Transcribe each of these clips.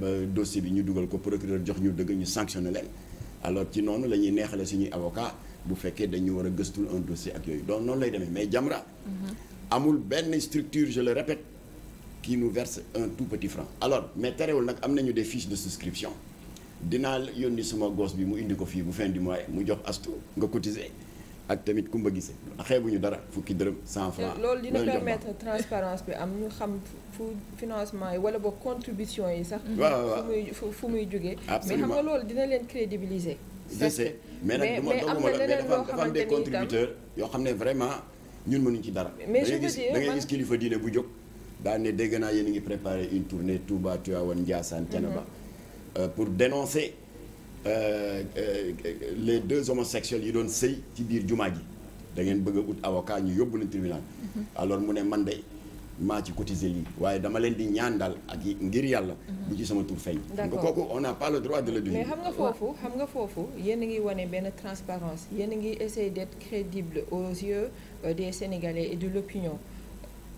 ba euh, dossier bi ñu dugal ko procureur jox ñu dëgg ñu sanctionné leen alors ci noonu la ñuy neexale suñuy avocat bu fekkee dañu war a gëstul un dossier ak yooyu doon noonu lay deme mais Jamra mm-hmm. amul benn structure je le répète qui nous verse un tout petit franc alors mais terewul nag am nañu des fiches de souscription dinaa yónni sama gos bi mu indi ko fii bu fin du mois mu jox astu nga cotiser ak tamit kumba gise xeebuñu dara fukki dërëm cent francs loolu dina permettre transparence bi am ñu xam fu financement yi wala boo contribution yi sax fu muy fu muy jógee mais xam nga loolu dina leen crédibiliser je sais mais nag duma doguma la mais dafa am des contributeurs yoo xam ne vraiment ñun mënuñ ci dara da ngay gis ngay gis kilifa diine bu jóg daan ne naa yéen ngi préparer une tournée Touba Tivaouane Ndiassane Thiénaba mhm. euh, pour dénoncer Euh, euh, euh, les deux homosexuels yi doon sëy ci biir jumaa ji da ngeen bëgg a ut avocat ñu yóbbu leen tribunal mm-hmm. alors mu ne man de maa ci cotiser lii waaye dama leen di ñaan daal ak ngir yàlla mm-hmm. bu ci sama tur feeñ nga kooku on n'a pas mais xam nga foofu xam nga foofu yéen a ngi wane benn transparence yéen a ngi essayer d'être crédible aux yeux des Sénégalais et de l'opinion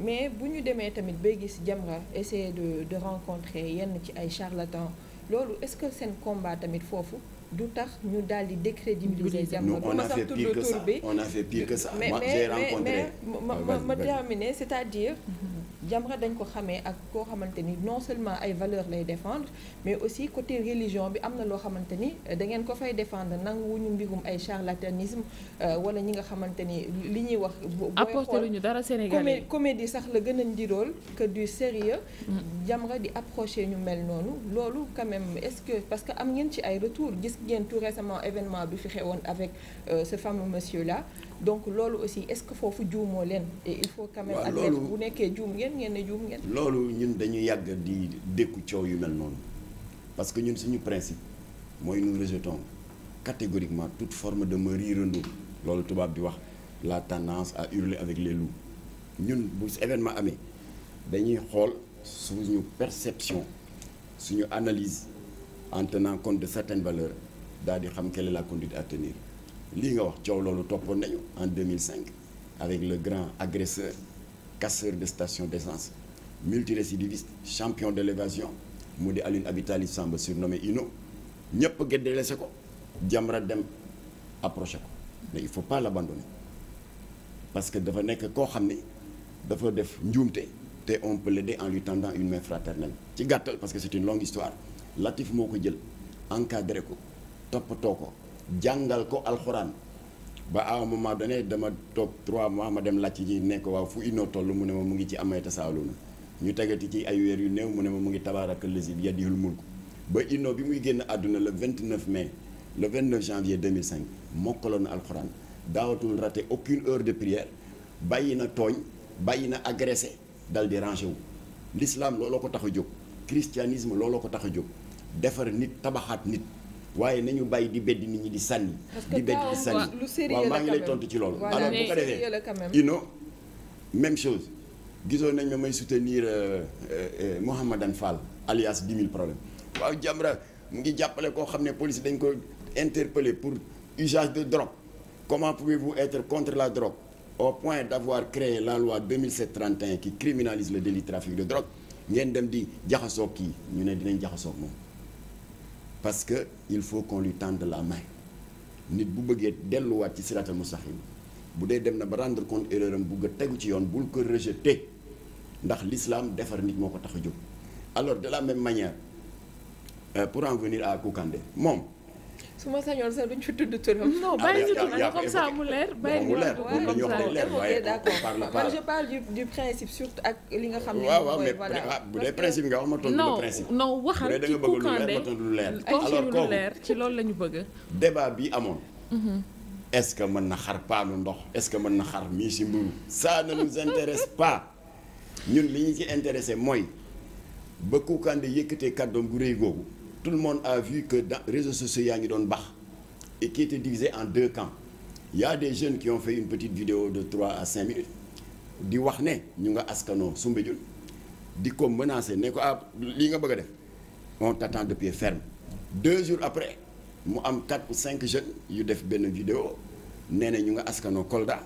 mais bu ñu demee tamit bay gis Jamra essayer de de rencontrer yenn ci ay charlatans loolu est-ce que seen combat tamit foofu du tax ñu daal di décrédibiliser jamono on a fait pire que mais mais mais ma ma c'est-à-dire. Jamra dañ ko xamee ak koo xamante ni non seulement ay valeurs lay défendre mais aussi côté religion bi am na loo xamante ni euh, da ngeen ko fay défendre nanguwuñu mbirum ay charlatanisme euh, wala ñi nga xamante ni li ñuy wax. apporté luñu dara Sénégalais comédie sax la gën a ndirool que du sérieux mm. Jamra di approché ñu mel noonu loolu quand est-ce que parce que am ngeen ci ay retour gis ngeen tout récemment événement bi fi xewoon avec euh, ce fameux monsieur là donc loolu aussi est-ce que foofu juumoo leen. et il faut quand même ngeen loolu ñun dañu yàgg di dékku coow yu mel noonu parce que ñun suñu principe mooy nous rejetons catégoriquement toute forme de merirando loolu tubaab di wax la tendance à hurler avec les lou ñun bu événement amee dañuy xool suñu perception suñu analyse en tenant compte de certaines valeur daal di xam quelle est la conduite à tenir lii nga wax coow loolu toppoon nañu en 2005 avec le grand agresseur. casseur de station d'essence multirécidiviste champion d'élévation mu di Alioune Abi Talib Samba surnommé Ino ñëpp geddelese ko Jamra dem approché ko mais il faut pas l'abandonner parce que dafa nekk koo xam ni dafa def njuumte te on peut l'aider en lui tendant une main fraternelle ci gàttal parce que c'est une longue histoire Latif moo ko jël encadré ko toppatoo ko jàngal ko alxuraan ba à un moment donné dama toog 3 mois ma dem làcc ji nekk waaw fu innoo toll mu ne ma mu ngi ci amay tasaaluna ñu tegati ci ay weer yu néew mu ne ma mu ngi tabaaraka lazi bi yadihul mulk ba innoo bi muy génn àdduna le 29 mai le 29 janvier 2005 mokkaloon na alxuraan daawatul raté aucune heure de prière bàyyi na tooñ bàyyi na agressé dal di rangé wu l'islam looloo ko tax a jóg christianisme looloo ko tax a jóg defar nit tabaxaat nit waaye nañu bàyyi di beddi nit ñi di sànni. di beddi di sànni waaw maa ngi lay tontu ci loolu. alors bu ko defee you know même chose gisoon nañ ma may soutenir euh, euh, euh, Mouhamadan Fall alias 10 000 problèmes waaw Jamra mu ngi jàppale koo xam ne police dañ ko interpellé pour usage de drogue comment pouvez-vous être contre la drogue au point d'avoir créé la loi 2007-31 qui criminalise le délit de trafic de drogue ngeen dem di jaxasoo kii ñu ne dinañ jaxasoo moom. parce que il faut qu'on lui de la main nit bu bëggee delluwaat ci mu sax mustaqim bu dee dem na ba rendre compte erreur am bugg a tegu ci yoon bul ko rejeter ndax l'islam defar nit moo ko tax a jóg alors de la même manière euh, pour en venir à moom su ma sañoon sax duñ fi tudd turam. non ah, bàyyi ñu tudd comme ça mu leer bàyyi ñu tudd comme ça mu leer waaye man je parle du du principe surtout ak li nga xam ne. waaw waaw mais ah, bu dee principe nga wax ma tontu le principe. non non waxal ci kukkande alors lu leer ci loolu la ñu bëgg. débat bi amoon. Mhm. est-ce que mën na xar paanu ndox est-ce que mën na xar mii si mburu ça ne nous intéresse pas ñun li ñu ci intéressé mooy ba kukkande yëkkatee kàddoom gu rëy googu. tout le monde a vu que dans réseaux sociaux yaa ngi doon baax et qui était en deux camps il y a des jeunes qui ont fait une petite vidéo de trois à cinq minutes di wax ne ñu nga askanoo Soumbédioune di ko menacer ne ko ah lii nga bëgg a def on t'attend de pied ferme deux jours après mu am quatre ou cinq jeunes yu def benn vidéo nee na ñu nga askanoo Kolda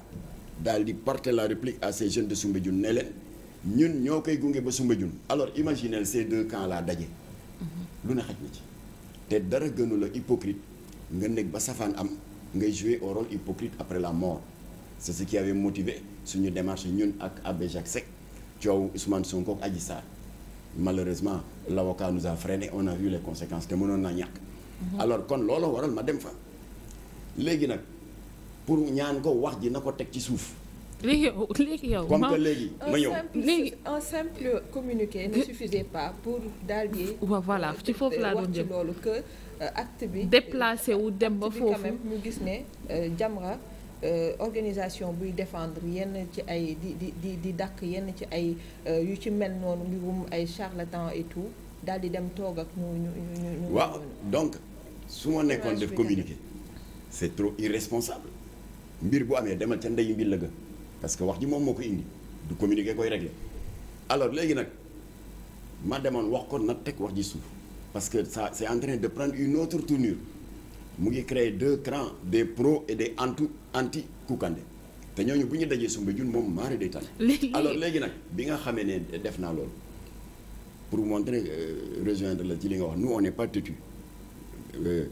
daal di porter la réplique à ces jeunes de Soumbédioune ne leen ñun ñoo koy gunge ba Soumbédioune alors imaginez ces deux daje. lu ne xaj na ci te dara gënu la hypocrite nga nekk ba safaan am ngay jouer au rôle hypocrite après la mort sa ce qui avait motivé suñu démarche ñun ak Abbé Jacques Seck coow Ousmane Sonko ak Adji Sarr malheureusement l'avocat nous a freiné on a te mënoon naa ñàkk mhm. alors kon looloo waral ma dem fa léegi nag pour ñaan ko wax ji na ko teg ci suuf léegi yow léegi yow. comme que léegi ma ñëw léegi un simple communiqué ne suffisait pas pour daal di. waaw voilà ci foofu euh, laa doon jëm loolu que euh, acte bi. déplacé wu dem ba foofu quand gis ne euh, Jamra organisation buy défendre yenn ci ay di di di di dàkk yenn ci ay yu ci mel noonu mbirum ay charlatan et tout daal di dem toog ak ñu ñu ñu. waaw donc su moo nekkoon def communiqué. c'est trop irresponsable. mbir bu amee demal ca ndeyu mbir la gën. parce que wax ji moom moo ko indi du communiqué koy réglé alors léegi nag ma demoon wax kon nag teg wax ji suuf parce que ça c'est en train de prendre une autre tournure mu ngi créer deux crans des pros et des anti anti Koukandé te ñooñu bu ñu dajee sumba jun moom maari day tane alors léegi nag bi nga xamee ne def naa loolu pour montrer euh, rejoindre la ci li nga wax nous on n'est pas têtu euh,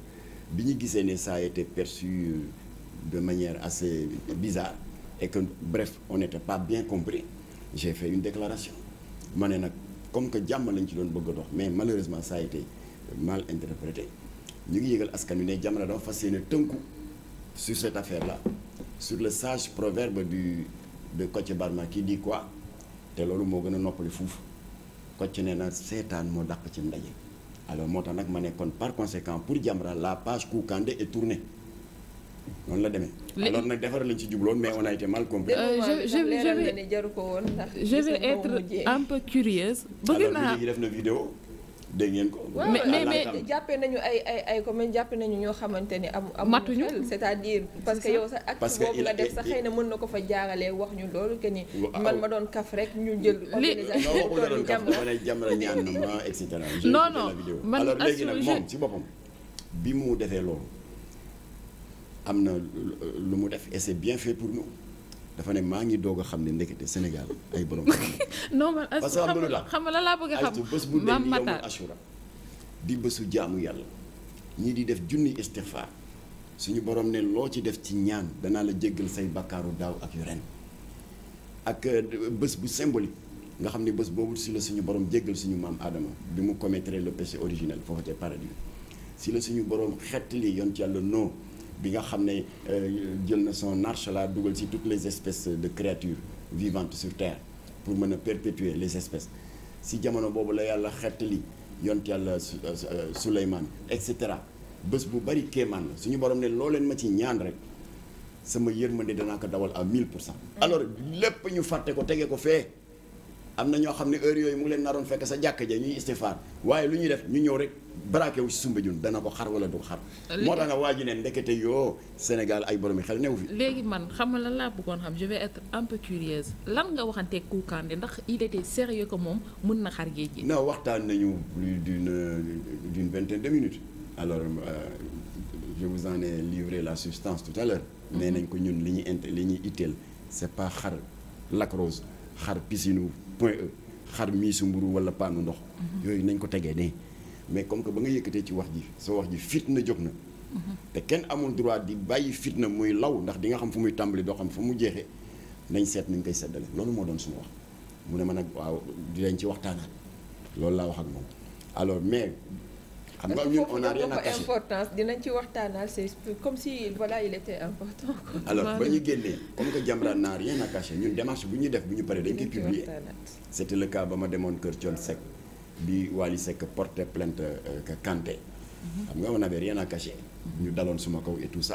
bi ñu gisee ne ça a été perçu euh, de manière assez bizarre et que bref on n'était pas bien compris j'ai fait une déclaration ma ne nag comme que jàmm lañ ci doon bëgg a dox mais malheureusement ça a été mal interprété ñu ngi yëgal askan wi ne Jamra dafa fas yéene tënku sur cette affaire la sur le sage proverbe du de Kocc Barma kii dit quoi te loolu moo gën a noppali fuuf Kocc nee na seetaan moo dàq ci ndaje alors moo tax nag ma ne kon par conséquent pour Jamra la page Koukandé est tournée noonu la demee. alors nag defar lañ ci jubloon mais on a été mal compris. Euh, je je vais je vais être un peu curieuse. bëgg naa def na vidéo dégg ngeen ko. mais mais nañu ay ay ay comme jàppee nañu ñoo xamante ni am. am matuñu c'est-à-dire parce que yow sa acte boobu la def sa xëy na mën na ko fa jaaralee wax ñu loolu que ni. Ah, man oh. ma doon kaf rek ñu jël. organisation bi toll nii jàmm la li jàmm la ñaan na ma et cetera. non non man assuré alors moom ci boppam bi mu defee loolu. am na lu mu def et c'est bien fait pour nous dafa ne maa ngi doog a xam ne ndekete Sénégal ay borom. non man parce que xam nga lan laa bëgg a xam bu dee yow Ashura di bésu jaamu yàlla ñii di def junni istighfar suñu borom ne loo ci def ci ñaan danaa la jéggal say bakkaaru daaw ak yu ren ak euh, bés bu symbolique nga xam ne bës boobu si la suñu borom jéggal suñu maam Adama bi mu commettre la péché originel foofu ca paradis si la suñu borom xettali yoon ci yàlla noo bi nga xam ne euh, jël na son arche la dugal ci toutes les espèces de créatures vivantes sur terre pour mën a perpétuer les espèces si jamono boobu la yàlla xettali yont yàlla Souleymane euh, euh, et cetera bés bu bari kéemaan la suñu borom ne loo leen ma ci ñaan rek sama yërmande danaa ko dawal à mille pour cent mm. alors lépp ñu fàtte ko tege ko fee am na ñoo xam ne heure yooyu mu ngi leen naroon fekk sa jàkk ja ñuy istifaar waaye lu ñuy def ñu ñëw rek braqué wu si Soumbédioune dana ko xar wala du xar moo tax na waa ji ne ndekete yoo Sénégal ay boromi xel newu fii léegi man xam nga lan laa bëggoon xam je vais être un peu curieuse lan nga waxante Kounkandé ndax il était sérieux que moom mën na xar géej gi non waxtaan nañu plus d'une d'une vingtaine de minutes alors euh, je vous en ai livré la substance tout à mhm. nañ ko ñun li ñuy int li ñuy itteel c'est pas xar Lac xar piscine point E xar miisu mburu wala paanu ndox. Mhm. yooyu nañ ko tegee ne mais comme que ba nga yëkkatee ci wax ji soo wax ji na jóg na. Mhm. te kenn amul droit di bàyyi na muy law ndax di nga xam fu muy tàmbali doo xam fu mu jeexee nañ seet nañ koy seddale loolu moo doon suñu wax mu ne ma nag waaw dinañ ci waxtaanaat loolu laa wax ak moom alors mais. xam nga ñun on a rien à cacher dinañ ci waxtaanal comme si voilà il était important. alors ba ñu génnee comme que Jamra n'a rien à ñu ñun bu ñuy def bu ñu paree dañ koy publier. c'était le ba ma demoon Kër Thione Seck bi Wally Seck porté plainte euh, Kanté. Mhm. xam nga on avait rien à ñu daloon suma kaw et tout